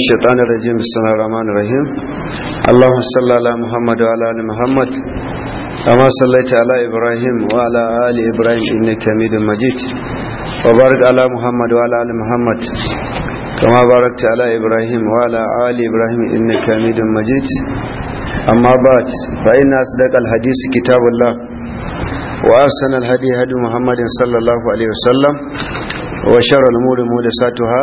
الشيطان الرجيم بسم الله الرحمن الرحيم اللهم صل على محمد وعلى ال محمد كما صليت على ابراهيم وعلى ال ابراهيم انك حميد مجيد وبارك على محمد وعلى ال محمد كما باركت على ابراهيم وعلى ال ابراهيم انك حميد مجيد اما بعد فان اصدق الحديث كتاب الله واحسن الهدي هدي محمد صلى الله عليه وسلم وشر الامور محدثاتها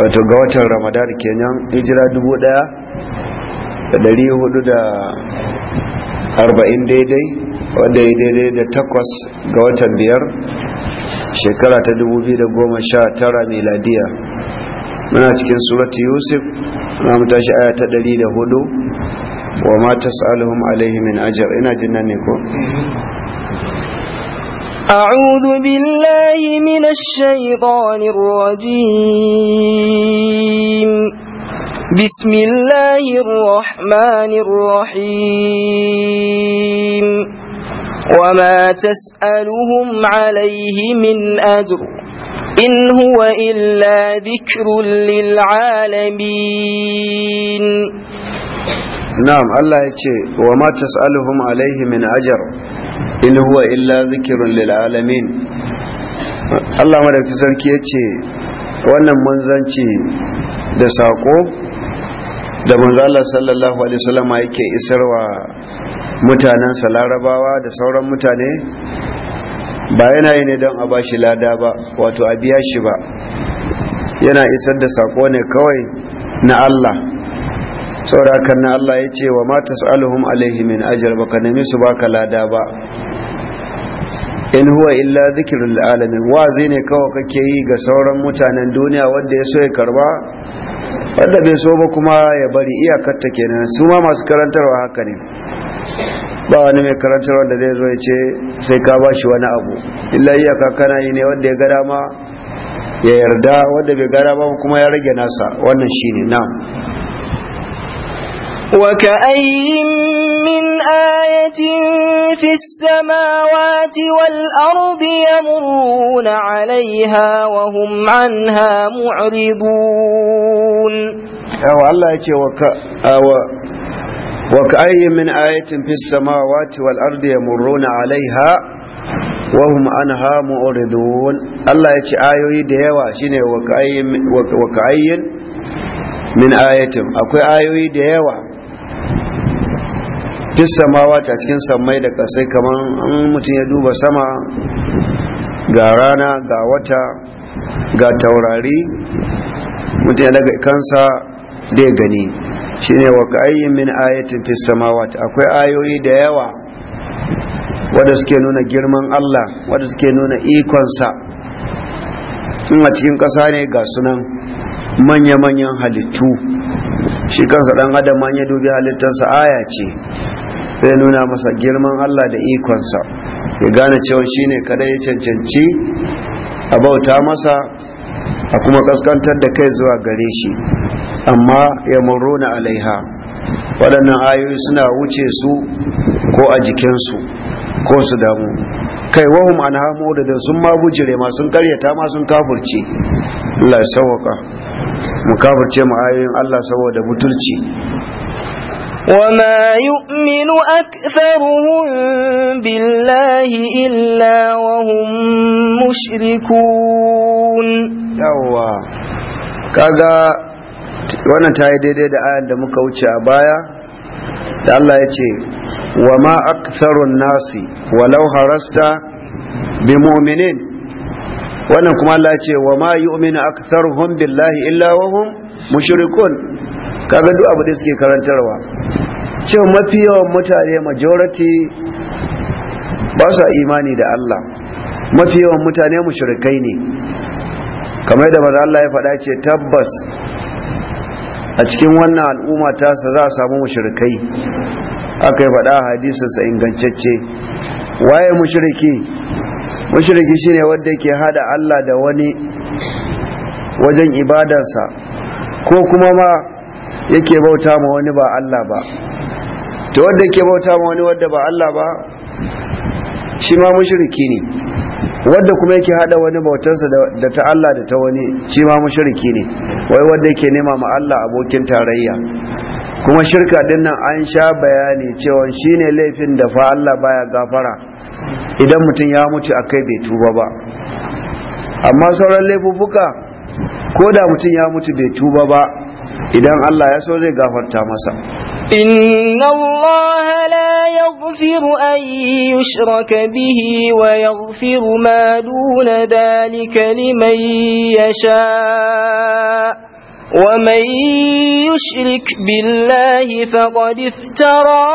wato ga watan ramadan kenan hijira dubu daya da dari hudu da arba'in daidai wanda ya daidai da takwas ga watan biyar shekara ta dubu biyu da goma sha tara miladiya muna cikin surati yusuf na mutashi aya ta dari da hudu wa ma tas'aluhum alaihi min ajar ina jin nan ne ko أعوذ بالله من الشيطان الرجيم بسم الله الرحمن الرحيم وما تسألهم عليه من أجر إن هو إلا ذكر للعالمين نعم الله يتشي وما تسألهم عليه من أجر in huwa illa zikirun lil alamin Allah madaukakin sarki yace wannan manzanci da sako da manzo Allah sallallahu alaihi wasallam yake isarwa mutanen larabawa da sauran mutane ba yana yi ne don a bashi lada ba wato a biya shi ba yana isar da sako ne kawai na Allah saurakan na Allah ya ce wa mata sa'aluhum alaihi min ajiyar baka nemi su baka lada ba in huwa illa zikirin alamin wazi ne kawai kake yi ga sauran mutanen duniya wanda ya so ya karba Wanda bai so ba kuma ya bari iyakarta kenan su ma masu karantarwa haka ne ba wani mai karantarwa da zai zo ya ce sai ka bashi wani abu illa iyaka kana yi ne wanda ya gada ma ya yarda wanda bai gada ba kuma ya rage nasa wannan shine na'am وكأي من آية في السماوات والأرض يمرون عليها وهم عنها معرضون الله يتي وكأي من آية في السماوات والأرض يمرون عليها وهم عنها معرضون الله يجي آية ce ayoyi da وكأي من wa ka'ayyin min ayatin fis samawa ta cikin samai da kasai kamar an mutum ya duba sama ga rana ga wata ga taurari mutum ya daga kansa da gani. gani shine wa ka'ayyin min ayatin fis samawati akwai ayoyi da yawa wanda suke nuna girman Allah wanda suke nuna ikonsa in a cikin kasa ne ga sunan manya-manyan halittu shi kansa ɗan adam ya dubi halittarsa aya ce zai nuna masa girman Allah da ikonsa ya gane cewa shine kada ya cancanci a bauta masa a kuma kaskantar da kai zuwa gare shi amma ya na alaiha waɗannan ayoyi suna wuce su ko a jikinsu ko su damu kai wahum an hamo da sun ma bujire ma sun karyata ma sun kafurce Allah ya sauwaka mu kafurce mu ayoyin Allah saboda butulci وما يؤمن أكثرهم بالله إلا وهم مشركون يوا كذا wannan ta daidai da ayan da muka wuce a baya da Allah ya ce wa nasi walau harasta bi mu'minin wannan kuma Allah ya wa ma yu'minu aktharuhum billahi illa wa mushirikun kaga duk abu da suke karantarwa cewa mafi yawan mutane majority ba su imani da Allah mafi yawan mutane mushrikai ne kamar yadda manzo Allah ya faɗa ce tabbas a cikin wannan al'umma ta sa za a samu mushrikai aka yi faɗa hadisi sa ingantacce waye Mushiriki mushriki shine wanda yake hada Allah da wani wajen ibadarsa ko kuma ma yake bauta ma wani ba Allah ba to wanda yake bauta ma wani wanda ba Allah ba shi ma mushriki ne wanda kuma yake hada wani bautansa da ta Allah da ta wani shi ma mushriki ne wai wanda yake nema ma Allah abokin tarayya kuma shirka din nan an sha bayani cewa shine laifin da fa Allah baya gafara idan mutum ya mutu akai bai tuba ba amma sauran laifuka ko da mutum ya mutu bai tuba ba idan Allah ya so zai gafarta masa inna Allaha la yaghfiru an yushraka bihi wa yaghfiru ma duna dhalika liman yasha ومن يشرك billahi فقد افترى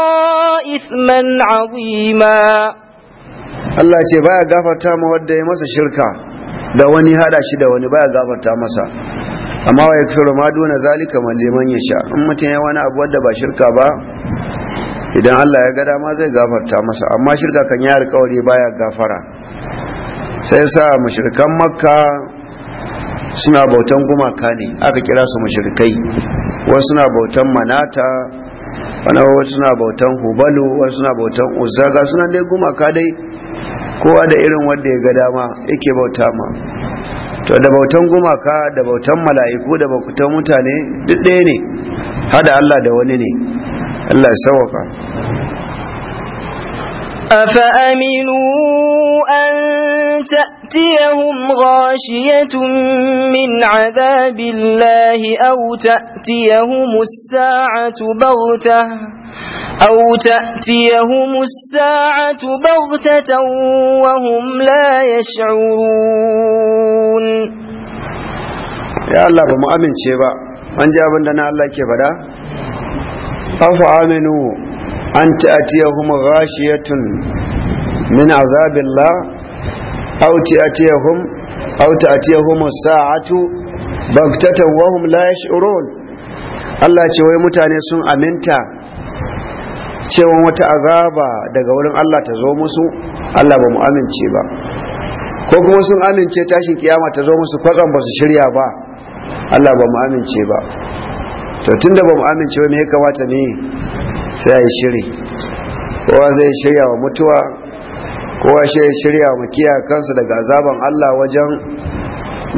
isman عظيما Allah ce baya gafarta ma wanda ya masa shirka da wani hada shi da wani baya gafarta masa amma wa yakfiru ma duna zalika man liman yasha in mutum ya wani abu wanda ba shirka ba idan Allah ya ga dama zai gafarta masa amma shirka kan ya alƙawari baya gafara sai sa mushrikan makka suna bautan gumaka ne aka kira su mushrikai wasu suna bautan manata wani wasu suna bautan hubalu wasu suna bautan uzaga suna dai gumaka dai kowa da irin wanda ya ga dama yake bauta ma to da bautan gumaka da bautan mala'iku da bautan mutane duk ɗaya ne hada Allah da wani ne Allah ya sauwaka أفأمنوا أن تأتيهم غاشية من عذاب الله أو تأتيهم الساعة بغتة أو تأتيهم الساعة بغتة وهم لا يشعرون يا الله بما أمن شبا من جاب لنا الله كيف دا أفعمنوا أن تأتيهم غاشية من عذاب الله أو تأتيهم أو تأتيهم الساعة بغتة وهم لا يشعرون Allah ce wai mutane sun aminta cewa wata azaba daga wurin Allah ta zo musu Allah ba mu amince ba ko kuma sun amince tashin kiyama ta zo musu kwatsan ba su shirya ba Allah ba mu amince ba to tunda ba mu amince ba me ya kamata ne sai ai shiri kowa zai shirya wa mutuwa kowa sai shirya wa kiyaye kansa daga azaban Allah wajen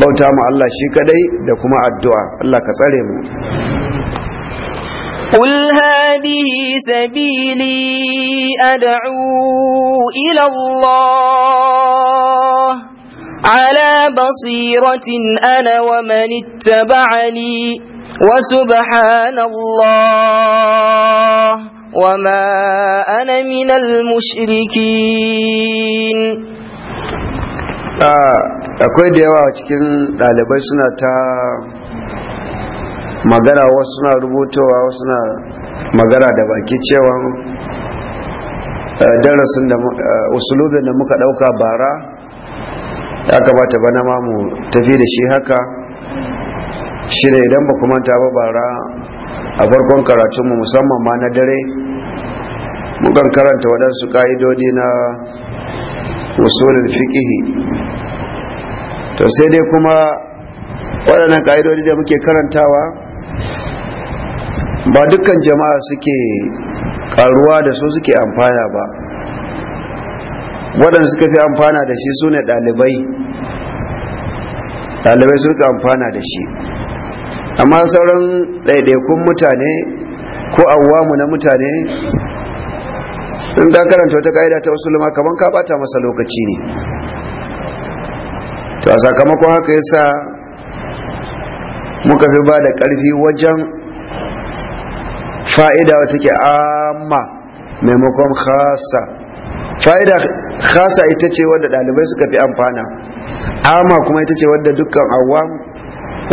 bauta mu Allah shi kadai da kuma addu'a Allah ka tsare mu قل هذه سبيلي أدعو إلى الله على بصيرة أنا ومن اتبعني وسبحان الله وما أنا من المشركين akwai da yawa cikin ɗalibai suna magana wasu na rubutowa wasu na magana da baki cewa eh, darasin da eh, usulubin da muka dauka bara ya kamata bana ma mu tafi da shi haka shi da idan ba kuma ta ba bara a farkon karatunmu musamman ma na dare mukan karanta waɗansu ƙa'idodi na usulun fiƙihi to sai dai kuma waɗannan ƙa'idodi da muke karantawa ba dukkan jama'a suke karuwa da su suke amfana ba waɗanda suka fi amfana da shi su ne ɗalibai ɗalibai suka amfana da shi amma sauran ɗaiɗaikun mutane ko awwamu na mutane in ka karanta wata ƙa'ida ta wasu lima kamar ka bata masa lokaci ne to a sakamakon haka yasa muka fi ba da ƙarfi wajen fa'ida wata ke amma maimakon khasa fa'ida khasa ita ce wadda ɗalibai suka fi amfana amma kuma ita ce wadda dukkan awam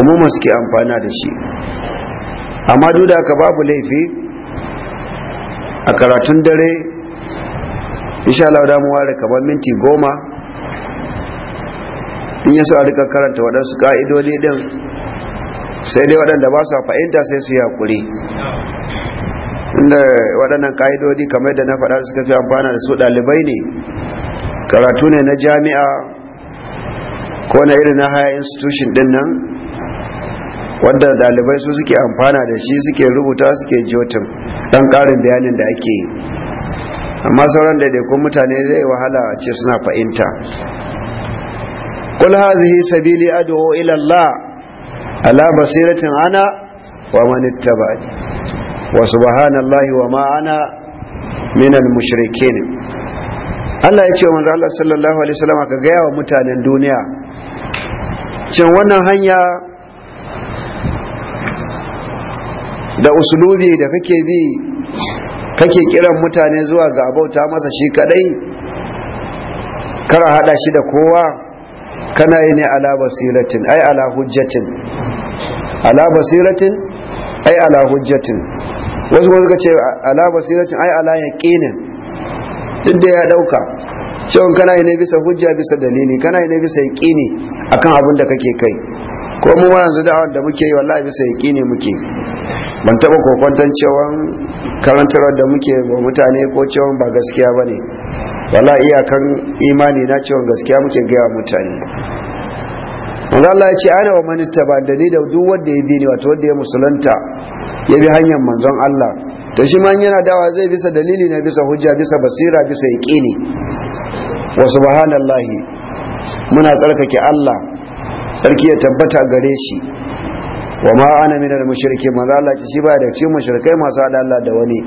umuman suke amfana da shi amma duk da babu laifi a karatun dare insha Allah da mu ware kamar minti goma in yaso a rika karanta waɗansu ka'idodi din sai dai waɗanda ba su fahimta sai su yi haƙuri inda waɗannan ƙa'idodi kamar yadda na faɗa suka fi amfana da su ɗalibai ne karatu ne na jami'a ko na irin na haya institution ɗin nan wanda ɗalibai su suke amfana da shi suke rubuta suke jotin ɗan ƙarin bayanin da ake yi amma sauran daikun mutane zai wahala a ce suna fahimta kul sabili Ado, ila ala basiratin ana wa man ittaba'ani wa subhanallahi wa ma ana min al Allah ya ce wa manzo Allah sallallahu alaihi wasallam ka gaya wa mutanen duniya cin wannan hanya da usulubi da kake bi kake kiran mutane zuwa ga abauta masa shi kadai kar hada shi da kowa kana yi ne ala basiratin ai ala hujjatin ala basiratin ai ala hujjatin wasu kuma suka ce ala basiratin ai ala yaqinin duk da ya dauka cewa kana yi ne bisa hujja bisa dalili kana yi ne bisa yaqini akan abin da kake kai ko mu yanzu da'awar da muke yi wallahi bisa yaqini muke ban taba kokwantan cewa karantarwar da muke wa mutane ko cewa ba gaskiya bane wallahi iyakan imani na cewa gaskiya muke ga mutane wanda Allah ya ce ana wa mani ba da ni da duk wanda ya bi ni wato wanda ya musulunta ya bi hanyar manzon Allah Da shi ma yana dawa zai bisa dalili na bisa hujja bisa basira bisa yaqini wa subhanallahi muna tsarkake Allah sarki ya tabbata gare shi wa ma ana min al mushrikin manzo Allah ce shi ba da cikin mushrikai masu hada da wani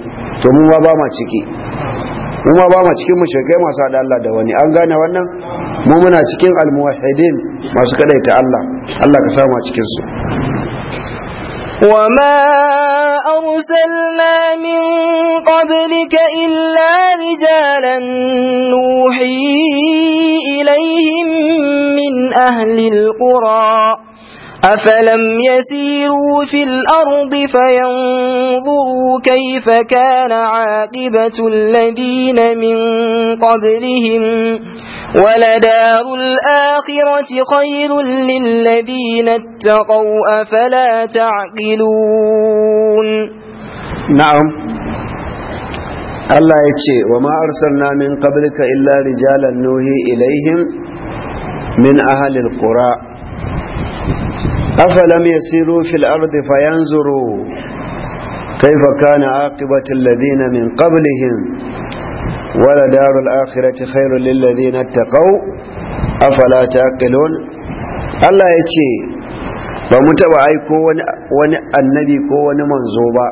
to mu ba ma ciki mu ma ba mu cikin mushrikai masu hada Allah da wani an gane wannan mu muna cikin almuwahidin masu kadaita Allah Allah ka samu a cikin su وما أرسلنا من قبلك إلا رجالا نوحي إليهم من أهل القرى أفلم يسيروا في الأرض فينظروا كيف كان عاقبة الذين من قبلهم ولدار الآخرة خير للذين اتقوا أفلا تعقلون نعم الله يتشي وما أرسلنا من قبلك إلا رجالا نوهي إليهم من أهل القرى أفلم يسيروا في الأرض فينظروا كيف كان عاقبة الذين من قبلهم ولدار الآخرة خير للذين اتقوا أفلا تعقلون الله يتي فمتبع أيكو وني النبي كو وني منزوبا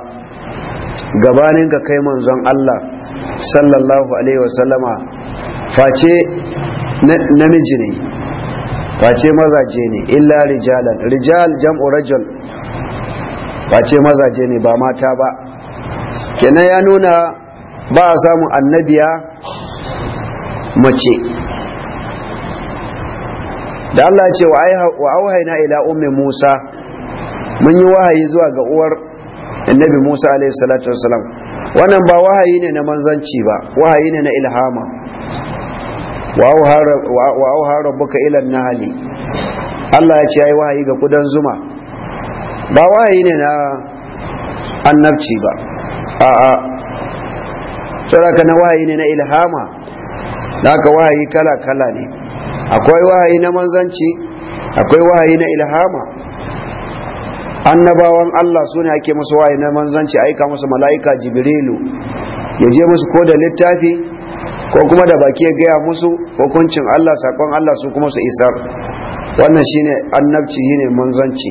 gabanin ka kai manzon Allah sallallahu alaihi wasallama face namiji ne face mazaje ne illa rijalan rijal jam'u rajul face mazaje ne ba mata ba kenan ya nuna ba a samun annabiya mace da Allah ce wa auhaina ila ummi Musa mun yi wahayi zuwa ga uwar annabi Musa alaihi salatu wassalam wannan ba wahayi ne na manzanci ba wahayi ne na ilhama wa buka rabbuka ila hali. Allah ya ce yayi wahayi ga kudan zuma ba wahayi ne na annabci ba a'a saboda na wahayi ne na ilhama haka wahayi kala kala ne akwai wahayi na manzanci akwai wahayi na ilhama annabawan Allah su ne ake musu wahayi na manzanci aika musu mala'ika jibrilu ya je musu ko da littafi ko kuma da baki ya gaya musu hukuncin Allah sakon Allah su kuma su isar wannan shine annabci shine manzanci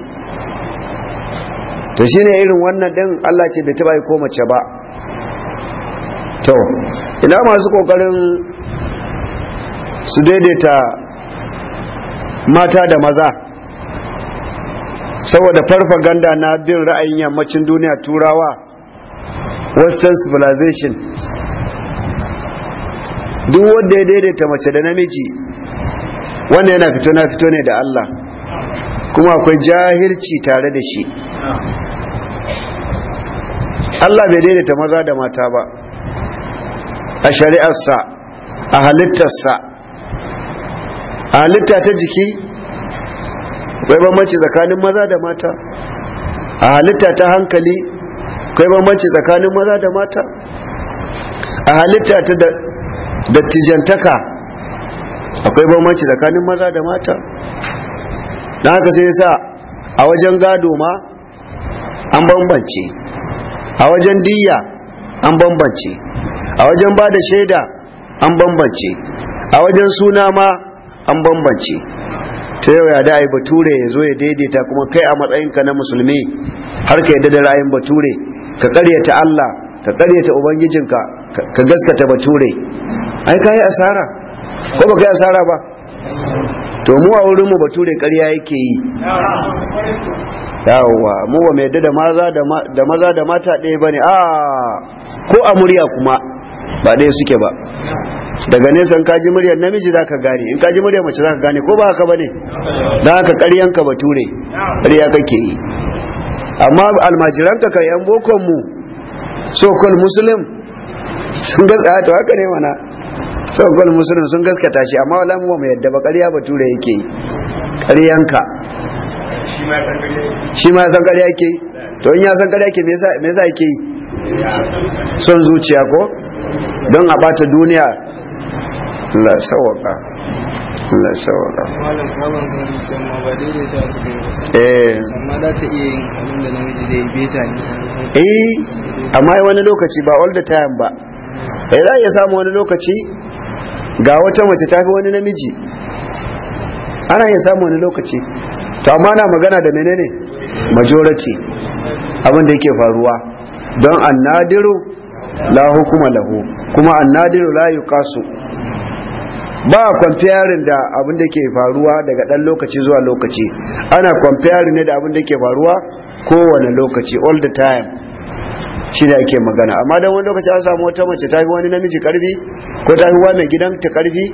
to shine irin wannan din Allah ce bai taba yi ko mace ba to ina masu kokarin su daidaita mata da maza saboda farfaganda na bin ra'ayin yammacin duniya turawa western civilization duk wanda ya daidaita mace da namiji wannan yana fito na fito ne da Allah kuma akwai jahilci tare da shi Allah bai daidaita maza da mata ba a shari'arsa a halittarsa a halitta ta jiki akwai bambanci tsakanin maza da mata a halitta ta hankali akwai bambanci tsakanin maza da mata a halitta ta dattijantaka akwai bambanci tsakanin maza da mata na haka sai sa a wajen gado ma an bambance a wajen diya an bambance a wajen ba da shaida an bambance a wajen suna ma an bambance ta yau ya da yi bature ya zo ya daidaita kuma kai a matsayinka na musulmi har ka yadda da ra'ayin bature ka karyata Allah ka karyata ubangijinka ka gaskata bature ai ka yi asara ko ba ka yi asara ba to mu a wurinmu bature karya yake yi yawwa mu ba mai da maza da mata ɗaya ba ne a ko a murya kuma ba ɗaya suke ba daga nesa in kaji muryar namiji za ka gane in kaji muryar mace za ka gane ko ba haka ba ne don haka ƙaryanka bature ƙarya kake yi amma almajiranka ka yan bokonmu so-called muslim sun ga tsaya ta haka ne mana sabbal musulun sun gaskata shi amma wala mu mai yadda ba ƙarya bature yake yi ƙaryanka shi ma san ƙarya yake to in ya san ƙarya yake me yasa yake yi son zuciya ko don a bata duniya la sawaka la sawaka malam sabon sun zuciya ma ba ta su eh amma da ta iya yin abin da namiji da ya ta ne eh amma wani lokaci ba all the time ba eh za iya samu wani lokaci ga wata mace ta fi wani namiji ana iya samu wani lokaci to amma na magana da menene majority abin da yake faruwa don annadiru la hukuma lahu kuma annadiru la yuqasu ba kwamfiyarin da abin da ke faruwa daga dan lokaci zuwa lokaci ana kwamfiyarin ne da abin da ke faruwa kowane lokaci all the time shi ne ake magana amma dan wani lokaci an samu wata mace ta fi wani namiji karfi ko ta fi wani gidan ta karfi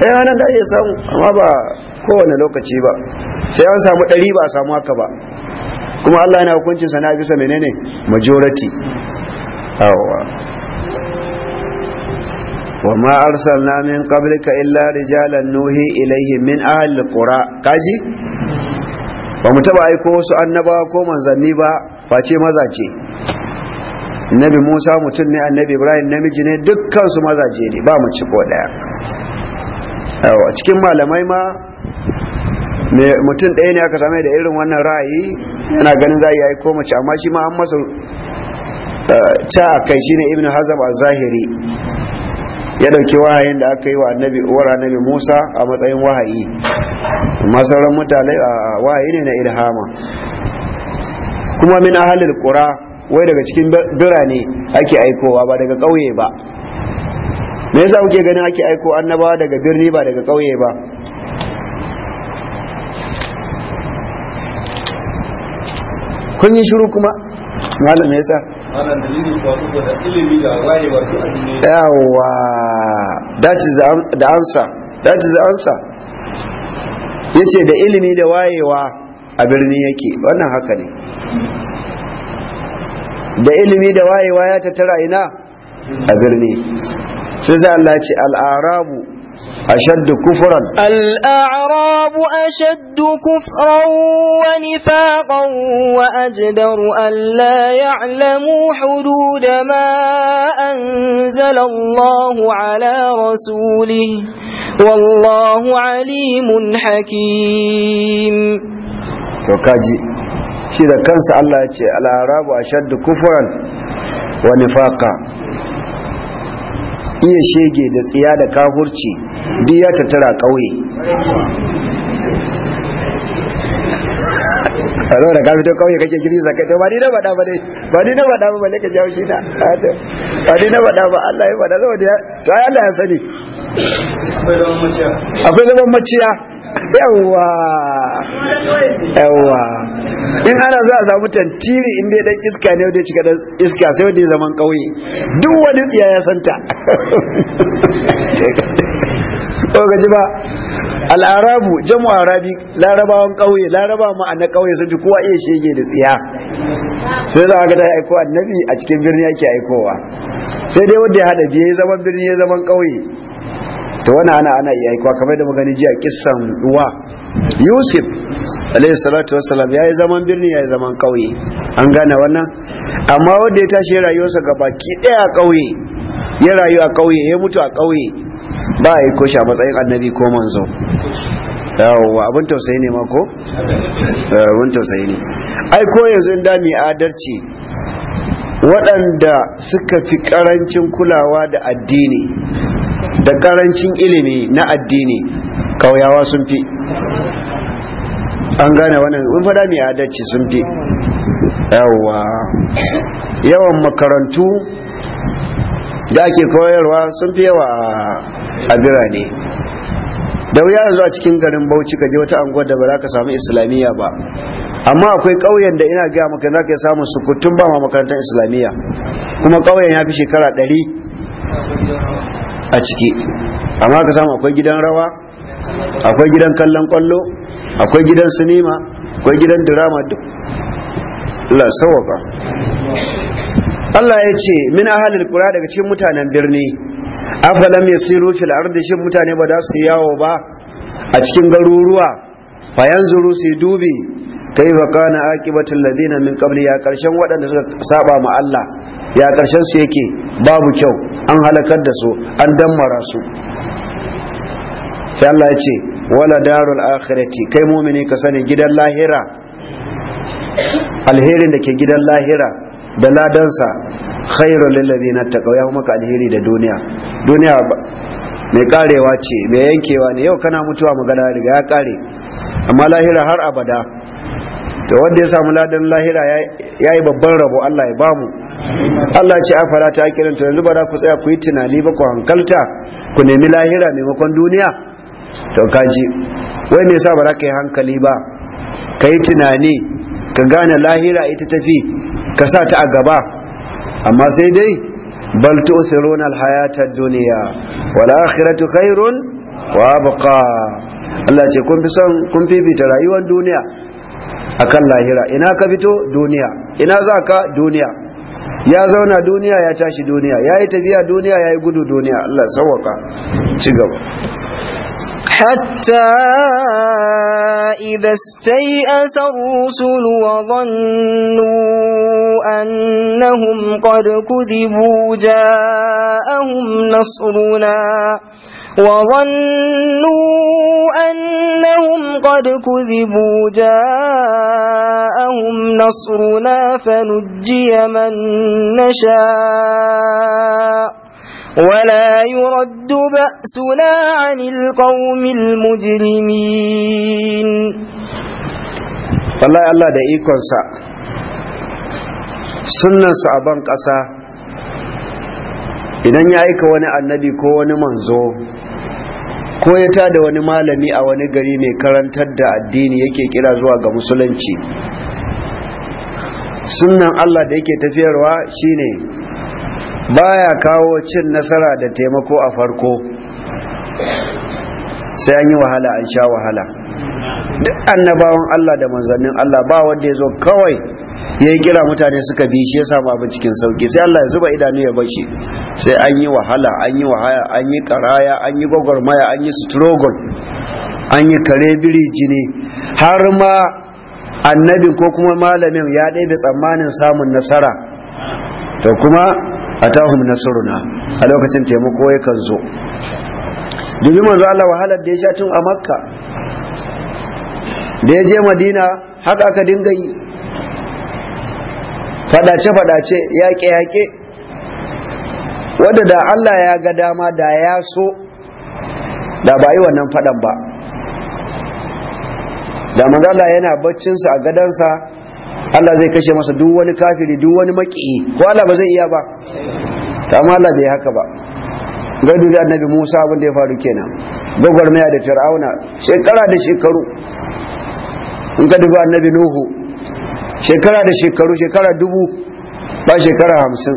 ɗaya hannun da iya samu amma ba kowane lokaci ba sai an samu ɗari ba a samu haka ba kuma Allah yana hukuncin sa na bisa menene majority Awa. wa ma arsalna min qablika illa rijalan nuhi ilaihim min ahli kura kaji ba mu taba aiko wasu annabawa ko manzanni ba face mazace annabi musa mutum ne annabi ibrahim namiji ne dukkan su mazaje ne ba mace ko daya a cikin malamai ma mutum ɗaya ne aka same da irin wannan ra'ayi yana ganin za a yi ko mace amma shi ma an masa eh, ca a kai shine ibn hazab a zahiri ya ɗauki wahayin da aka yi wa annabi uwar annabi musa a matsayin wahayi masarar mutane ah, wahayi ne na ilhama kuma min ahalil qura wai daga cikin birane ake aikowa ba daga ƙauye ba me yasa kuke ganin ake aiko annabawa daga birni ba daga ƙauye ba kun yi shiru kuma malam me yasa yawa that is the answer that is the answer yace da ilimi da wayewa a birni yake wannan haka ne da ilimi da wayewa ya tattara ina a birni sai sai Allah ce al'arabu أشد كفرا الأعراب أشد كفرا ونفاقا وأجدر ألا يعلموا حدود ما أنزل الله على رسوله والله عليم حكيم وكاجي shi da kansa Allah ya ce al'arabu a shaddu kufuran wa nifaqa iya shege da tsiya da kafurci duk ya tattara ƙauye a zo da kafito ƙauye kake giri zaka to bari ni na faɗa ba ne? ba ni na faɗa ba ne ka jawo shi na bari ni na faɗa ba Allah ya faɗa saboda ya to ai Allah ya sani akwai zaman maciya yawwa yawwa in ana za a samu tantiri inda ya dan iska ne wanda ya cika dan iska sai wanda ya zaman kauye duk wani tsiya ya santa ko gaji ba al'arabu jamu arabi larabawan kauye laraba ma'ana na kauye sun fi kowa iya shege da tsiya sai za a ga ta aiko annabi a cikin birni yake aikowa sai dai wanda ya hada biye ya zaman birni ya zaman kauye to wani ana ana iya aikowa kamar da magani jiya kissan uwa yusuf alayhi salatu wassalam ya yi zaman birni ya yi zaman ƙauye an gane wannan amma wanda ya tashi rayuwarsa ga baki ɗaya a ƙauye ya rayu a ƙauye ya mutu a ƙauye ba a yi koshi a matsayin annabi ko manzo yawwa abin tausayi ne ma ko abin tausayi ne ai ko yanzu inda mai adalci waɗanda suka fi ƙarancin kulawa da addini da ƙarancin ilimi na addini kauyawa sun fi an gane wannan in fada mai adalci sun fi yawa yawan makarantu da ake koyarwa sun fi yawa a birane da wuya yanzu a cikin garin bauchi kaje wata anguwar da ba za ka samu islamiyya ba amma akwai ƙauyen da ina gaya maka za ka samu sukutun ba ma makarantar islamiyya kuma ƙauyen ya fi shekara ɗari a ciki amma ka samu akwai gidan rawa akwai gidan kallon kwallo akwai gidan sinima akwai gidan drama duk Allah Allah ya ce min ahalil kura daga cikin mutanen birni afalam yasiru fil ardi shin mutane ba za su yawo ba a cikin garuruwa fa yanzuru su dubi kaifa kana aqibatul ladina min qabli ya karshen waɗanda suka saba ma Allah ya karshen su yake babu kyau an halakar da su an dammara su sai Allah ya ce wala darul akhirati kai mumini ka sani gidan lahira alherin da ke gidan lahira da ladansa khairu lil ladina taqaw ya maka alheri da duniya duniya mai karewa ce mai yankewa ne yau kana mutuwa magana riga ya kare amma lahira har abada to wanda ya samu ladan lahira ya yi babban rabo Allah ya bamu Allah ce a fara ta akirin to yanzu ba za ku tsaya ku yi tunani ba ku hankalta ku nemi lahira maimakon duniya to kaji wai me yasa ba za ka yi hankali ba ka yi tunani ka gane lahira ita tafi ka sa ta a gaba amma sai dai bal tu'thiruna al-hayata ad-dunya wal akhiratu khairun wa abqa Allah ce kun fi son kun fifita rayuwar duniya akan lahira ina ka fito duniya ina za ka duniya ya zauna duniya ya tashi duniya ya yi tafiya duniya ya yi gudu duniya Allah sauwaka ci gaba حتى إذا استيأس الرسل وظنوا أنهم قد كذبوا جاءهم نصرنا وظنوا أنهم قد كذبوا جاءهم نصرنا فنجي من نشاء ولا يرد بأسنا عن القوم المجرمين والله الله da ikonsa sunnansa a ban ƙasa idan ya aika wani annabi ko wani manzo ko ya tada wani malami a wani gari mai karantar da addini yake kira zuwa ga musulunci sunnan Allah da yake tafiyarwa shine baya kawo cin nasara da taimako a farko sai an yi wahala an sha wahala duk annabawan Allah da manzannin Allah ba wanda ya zo kawai ya yi kira mutane suka bi shi ya samu abin cikin sauki sai Allah ya zuba idanu ya bashi sai an yi wahala an yi wahaya an yi karaya an yi gwagwarmaya an yi struggle an yi kare biri jini har ma Annabi ko kuma malamin ya da tsammanin samun nasara to kuma atahum nasruna a lokacin taimako yakan zo dubi manzo Allah wahalar da ya sha tun a makka da ya je madina haka aka dinga yi fadace-fadace yaƙe-yaƙe wadda da Allah ya ga dama da ya so da ba yi wannan fadan ba da manzala yana baccinsa a gadansa Allah zai kashe masa duk wani kafiri duk wani makiyi ko Allah ba zai iya ba amma Allah bai haka ba gado da annabi Musa abin da ya faru kenan gwagwarmaya da fir'auna shekara da shekaru in ka duba annabi Nuhu shekara da shekaru shekara dubu ba shekara hamsin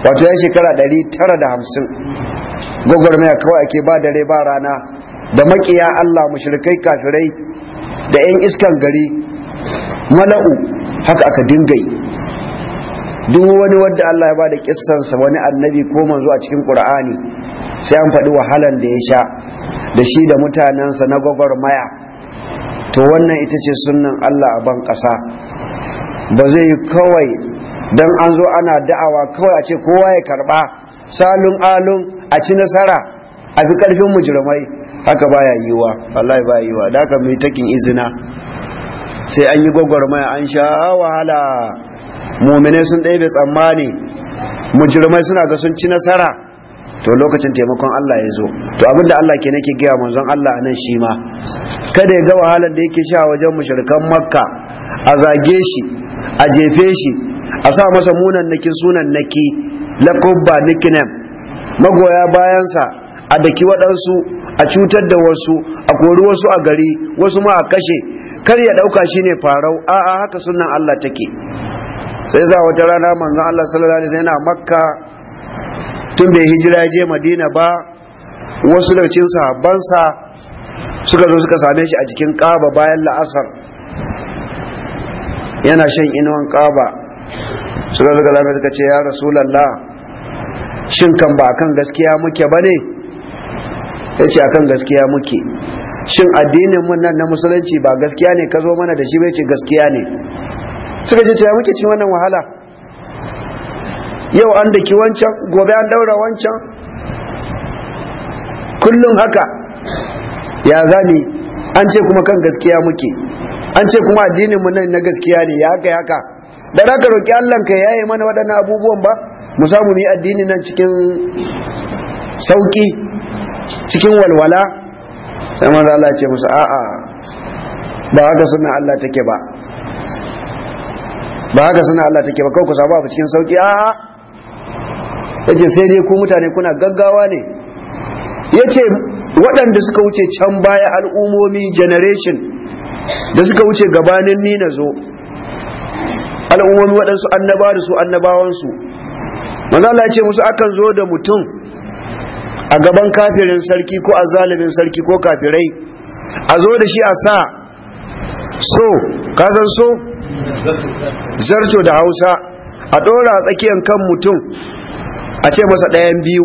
wato ya shekara ɗari tara da hamsin gwagwarmaya kawai ake ba dare ba rana da maƙiya Allah mushrikai kafirai da 'yan iskan gari mala'u haka aka dinga duk wani wadda Allah ya bada kissansa wani annabi ko manzo a cikin Qur'ani sai an faɗi wahalan da ya sha da shi da mutanansa na gwagwarmaya to wannan ita ce sunnan Allah a ban ƙasa ba zai kawai don an zo ana da'awa kawai a ce kowa ya karɓa salun alun a ci nasara a fi ƙarfin mujirmai haka baya yiwa wallahi baya yiwa da haka mai takin izina sai an yi gwagwarmaya an sha wahala muminai sun ɗaya bai tsammani mujirmai suna ga sun ci nasara to lokacin taimakon Allah ya zo to abinda Allah ke nake gaya manzon Allah nan shi ma kada ya ga wahalar da yake sha wajen mushrikan makka a zage shi a jefe shi a sa masa munan naki sunan naki lakubba nickname magoya bayansa a daki waɗansu a cutar da wasu a kori wasu a gari wasu ma a kashe kar ya ɗauka shi ne farau a'a haka sunan Allah take sai za wata rana manzon Allah sallallahu alaihi yana makka tun bai hijira je madina ba wasu daga cikin sahabbansa suka zo suka same shi a jikin kaba bayan la'asar yana shan inuwan kaba suka zo lamar suka ce ya rasulallah shin kan ba kan gaskiya muke ba ne ya ce akan gaskiya muke shin addinin mun nan na musulunci ba gaskiya ne ka zo mana da shi bai ce gaskiya ne suka ce ya muke cin wannan wahala yau an daki wancan gobe an daura wancan kullum haka ya zami an ce kuma kan gaskiya muke an ce kuma addinin mun nan na gaskiya ne ya haka ya haka da za ka roƙi ka ya mana waɗannan abubuwan ba mu samu ne addinin nan cikin sauƙi cikin walwala sai manzo Allah ya ce musu a'a ba haka sunan Allah take ba ba haka sunan Allah take ba kawai ku samu abu cikin sauki a'a yace sai dai ku mutane kuna gaggawa ne yace waɗanda suka wuce can baya al'umomi generation da suka wuce gabanin ni na zo al'umomi waɗansu annaba da su annabawansu manzo Allah ya ce musu akan zo da mutum a gaban kafirin sarki ko a zalimin sarki ko kafirai a zo da shi a sa so kasan so zarto da hausa a ɗora a tsakiyar kan mutum a ce masa ɗayan biyu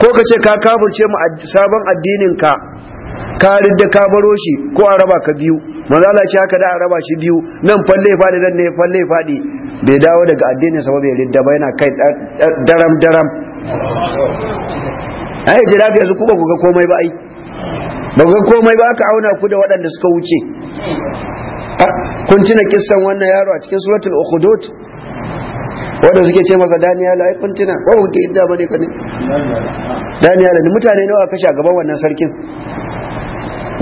ko ka ce ka kafirce mu sabon addininka ka ridda ka baro shi ko a raba ka biyu manzo Allah ce haka da a raba shi biyu nan falle fadi nan ne falle fadi bai dawo daga addinin sa ba bai ridda ba yana kai daram daram ai jira ga yanzu kuma ku komai ba ai ba ga komai ba aka auna ku da waɗanda suka wuce ah, kun tuna kissan wannan yaro a cikin suratul ukhdud wanda suke ce masa daniyala ai kun tuna ko kuke idda bane ka ne daniyala ne mutane nawa kashe a gaban wannan sarkin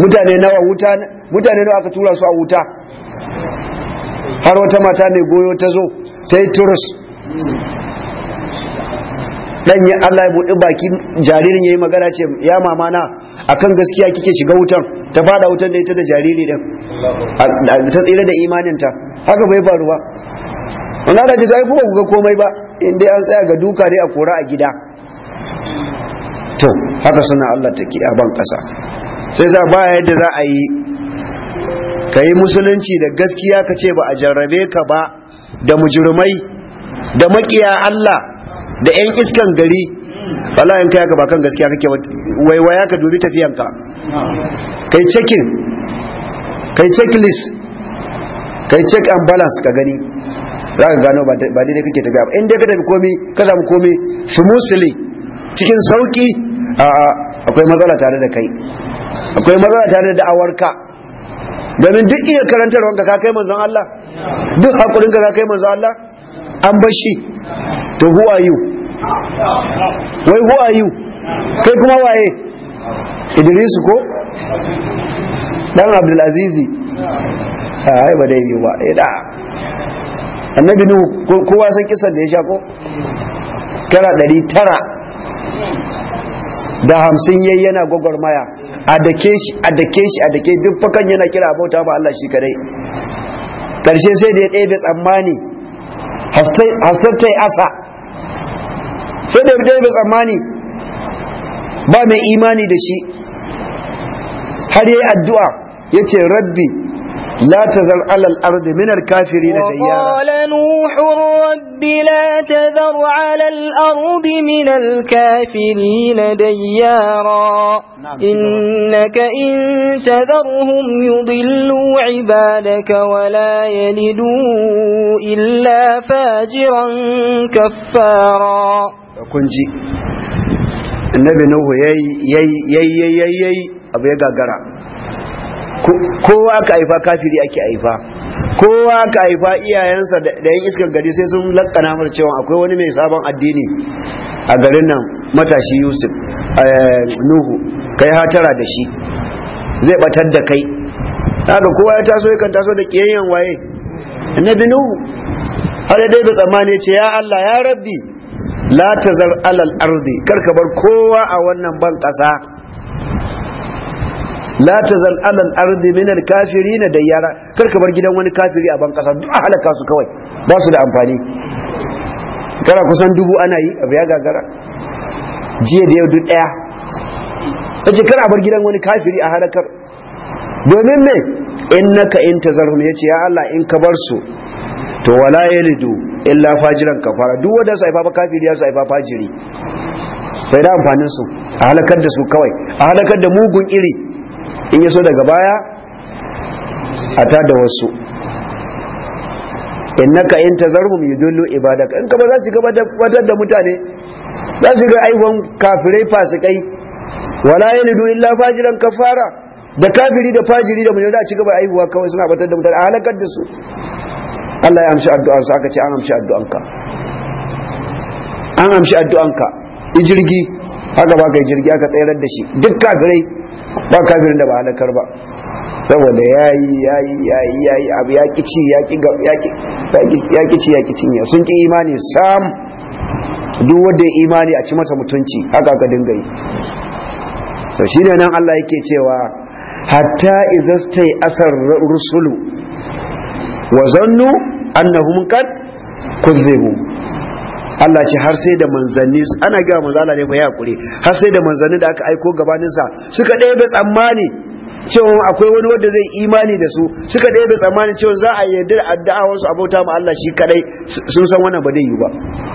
mutane nawa wuta mutane nawa aka tura su a wuta har wata mata ne goyo ta zo ta yi turus dan ya Allah ya buɗi baki jaririn yayi magana ce ya mama na akan gaskiya kike shiga wutan ta fada wutan da ita da jariri din ta tsira da imanin ta haka bai faru ba wannan da ce ta kuma ku ga komai ba in dai an tsaya ga duka dai a kora a gida to haka suna Allah take a ban kasa sai za ba yadda za a yi ka yi musulunci da gaskiya ka ce ba a jarrabe ka ba da mujirmai da makiya Allah da 'yan iskan gari wallahi kai ga kan gaskiya kake waiwaya ka dubi tafiyanka kai checking kai checklist kai check and balance ka gani za ka gano ba daidai kake tafiya ba inda dai ka tafi komi ka samu komi fi musuli cikin sauki a akwai matsala tare da kai akwai matsala tare da da'awarka domin duk iya karantar karantarwanka ka kai manzon Allah duk haƙurin ka kai manzon Allah an bar shi to who are you wai who are you kai kuma waye Idris ko dan Abdul Azizi ai ba dai ba eh, da annabi nuhu kowa san kisan da ya sha ko kara 900 da hamsin yayi yana gwagwarmaya a ke shi a ke shi a duk fakan yana kira bauta ba Allah shi kadai karshe sai da ya ɗebe tsammani hasartai asa sai da ya tsammani ba mai imani da shi har yayi addu'a yace rabbi لا تذر على الأرض من الكافرين ديارا وقال نوح رب لا تذر على الأرض من الكافرين ديارا نعم إنك إن تذرهم يضلوا عبادك ولا يلدوا إلا فاجرا كفارا كنجي النبي نوح يي يي يي يي, يي, يي أبو kowa aka haifa kafiri ake haifa kowa ka haifa iyayensa da yan iskar gari sai sun lakana mar cewa akwai wani mai sabon addini a garin nan matashi yusuf eh, nuhu kai hatara da shi zai batar da kai haka kowa ya taso yakan taso da kiyayen waye Na bi nuhu har dai bi tsammani ce ya Allah ya rabbi la tazar alal ardi karka bar kowa a wannan ban kasa la tazal alal ardi min al kafirin dayyara kar ka bar gidan wani kafiri a ban duk halaka su kawai ba su da amfani kana kusan dubu ana yi abu ya gagara jiya da yau duk daya kace kar a bar gidan wani kafiri a halakar domin me innaka in tazarhum yace ya Allah in ka bar su to wala yalidu illa fajiran kafara duk wanda su aifa kafiri ya sai aifa fajiri sai da amfanin su a halakar da su kawai a halakar da mugun iri in yaso daga baya a ta da wasu innaka in tazarhum dullu ibadaka in ka ba za su gabatar da mutane za su ga aiwon kafirai fasikai wala yalidu illa fajiran kafara da kafiri da fajiri da mujaddid a ci gaba aihuwa kawai suna batar da mutane a halakar da su Allah ya amshi addu'ansu aka ce an amshi addu'anka an amshi addu'anka ijirgi haka ba ka yi jirgi aka tsayar da shi duk kafirai ba kafirin da ba halakar ba saboda ya yi, ya yi, abu ya kici ya ki ya kici ya ki cinye sun ki imani sam duk wanda ya imani a ci masa mutunci haka ka dinga yi so ne nan Allah yake cewa hatta izastai asar rusulu wa zannu annahum kad kuzzibu Allah ce har sai da manzanni ana gaya manzala ne fa ya kure har sai da manzanni da aka aiko gabanin sa suka ɗaya bai tsammani cewa akwai wani wanda zai imani da su suka ɗaya bai tsammani cewa za a yarda da addu'awar su abota ma Allah shi kadai sun san wannan ba zai yi ba